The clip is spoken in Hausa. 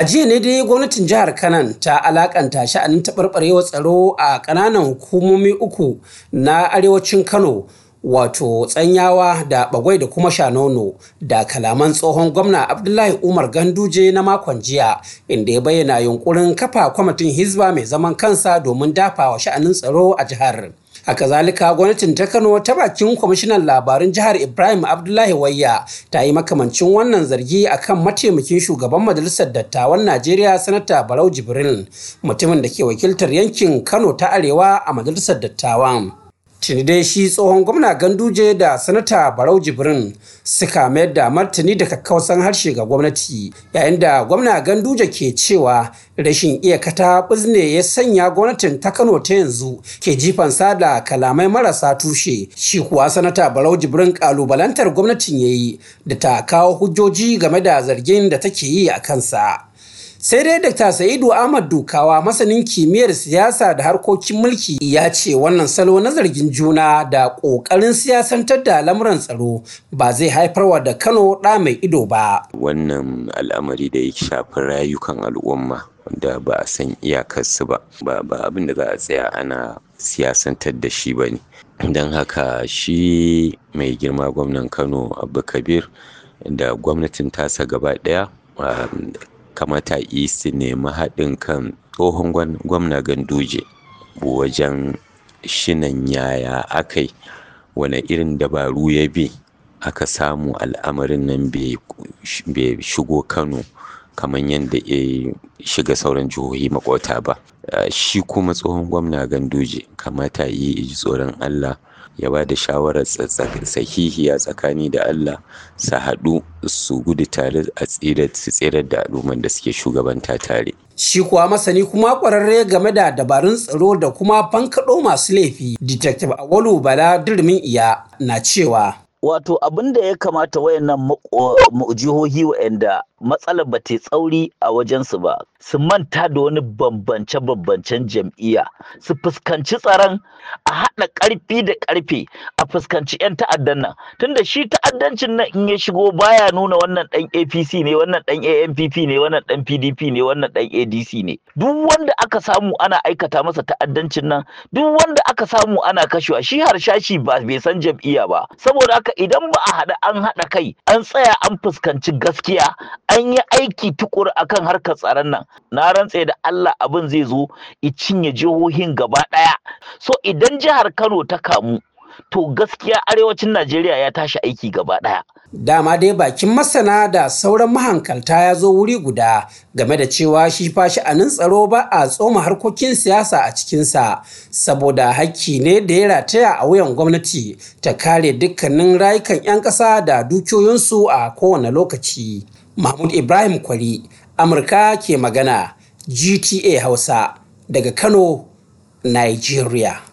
A jiya ne dai gwamnatin jihar Kanan ta alakanta sha'anin taɓarɓarewa tsaro a ƙananan hukumomi uku na arewacin Kano wato tsanyawa da bagwai da kuma shanono da kalaman tsohon gwamna abdullahi umar ganduje na makon jiya inda ya bayyana yunkurin kafa kwamitin hizba mai zaman kansa domin dafa wa sha'anin tsaro a jihar a kazalika gwamnatin ta kano ta bakin kwamishinan labarun jihar ibrahim abdullahi wayya ta yi makamancin wannan zargi a kan mataimakin shugaban majalisar dattawan najeriya sanata barau jibril mutumin da ke wakiltar yankin kano ta arewa a majalisar dattawan tuni shi tsohon gwamna ganduje da sanata barau jibrin suka mayar da martani da kakkausan harshe ga gwamnati yayin da gwamna ganduje ke cewa rashin iya kata bizne ya sanya gwamnatin ta kano ta yanzu ke jifan da kalamai marasa tushe shi kuwa sanata barau jibrin kalubalantar gwamnatin ya yi da ta kawo hujjoji game da zargin da take yi a kansa sai dai dr sa'idu ahmad dukawa masanin kimiyyar siyasa da harkokin mulki ya ce wannan salo na zargin juna da ƙoƙarin siyasantar da lamuran tsaro ba zai haifarwa da kano ɗa mai ido ba wannan al'amari da ya shafi rayukan al'umma da ba a san iyakarsu ba ba abin da za a tsaya ana siyasantar da shi ba ne don haka shi mai girma gwamnan kano abu kabir da gwamnatin tasa gaba daya um, kamata a yi su nemi haɗin kan tsohon gwamna Ganduje wajen shinan yaya aka yi wane irin dabaru ya bi aka samu al'amarin nan bai shigo Kano kamar yadda ya shiga sauran jihohi makwata ba ah, shi kuma tsohon gwamna ganduje kamata yi ji tsoron allah ya ba da shawarar sahihiya tsakani da allah su haɗu su gudu tare a tsirar da al'ummar da suke shugabanta tare shi kuwa masani kuma ƙwararre game da dabarun tsaro da kuma fankaɗo masu laifi detective awolu bala durmin iya na cewa wato abin da ya kamata wayannan jihohi wayanda matsalar ba ta tsauri a wajensu ba su manta da wani bambance-bambancen jam'iyya su fuskanci tsaron a haɗa ƙarfi da ƙarfe a fuskanci 'yan ta'addan nan tunda shi ta. ta'addancin nan in ya shigo baya nuna wannan dan APC ne wannan dan ANPP ne wannan dan PDP ne wannan dan ADC ne duk wanda aka samu ana aikata masa ta'addancin nan duk wanda aka samu ana kashewa shi harshashi ba bai san jam'iyya ba saboda haka idan ba a haɗa an haɗa kai an tsaya an fuskanci gaskiya an yi aiki tukur akan harkar tsaron nan na rantse da Allah abin zai zo i cinye jihohin gaba ɗaya so idan jihar Kano ta kamu to gaskiya arewacin najeriya ya tashi aiki gaba ɗaya dama dai bakin masana da sauran mahankalta ya zo wuri guda game da cewa shi fa sha'anin tsaro ba a tsoma harkokin siyasa a cikinsa saboda hakki ne da ya rataya a wuyan gwamnati ta kare dukkanin rayukan 'yan ƙasa da dukiyoyinsu a kowane lokaci mahmud ibrahim kwari amurka ke magana gta hausa daga kano nigeria